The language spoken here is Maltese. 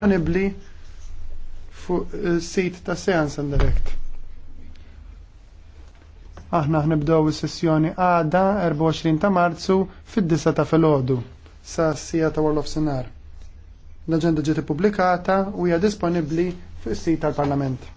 disponibli fuq eh, sit ta' seans and Direct. Aħna ħnibdew is-sessjoni għada 24 ta' Marzu fid-9 ta' filgħodu sa' sija ta' World of Sinar. L-aġenda ġiet ippubblikata u hija disponibbli fuq is-sit tal-Parlament.